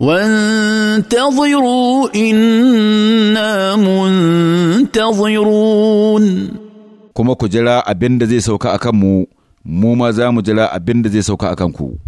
وانتظروا إنا منتظرون kuma ku jira abin da zai sauka a kanmu mu ma za mu jira abin da zai sauka a kanku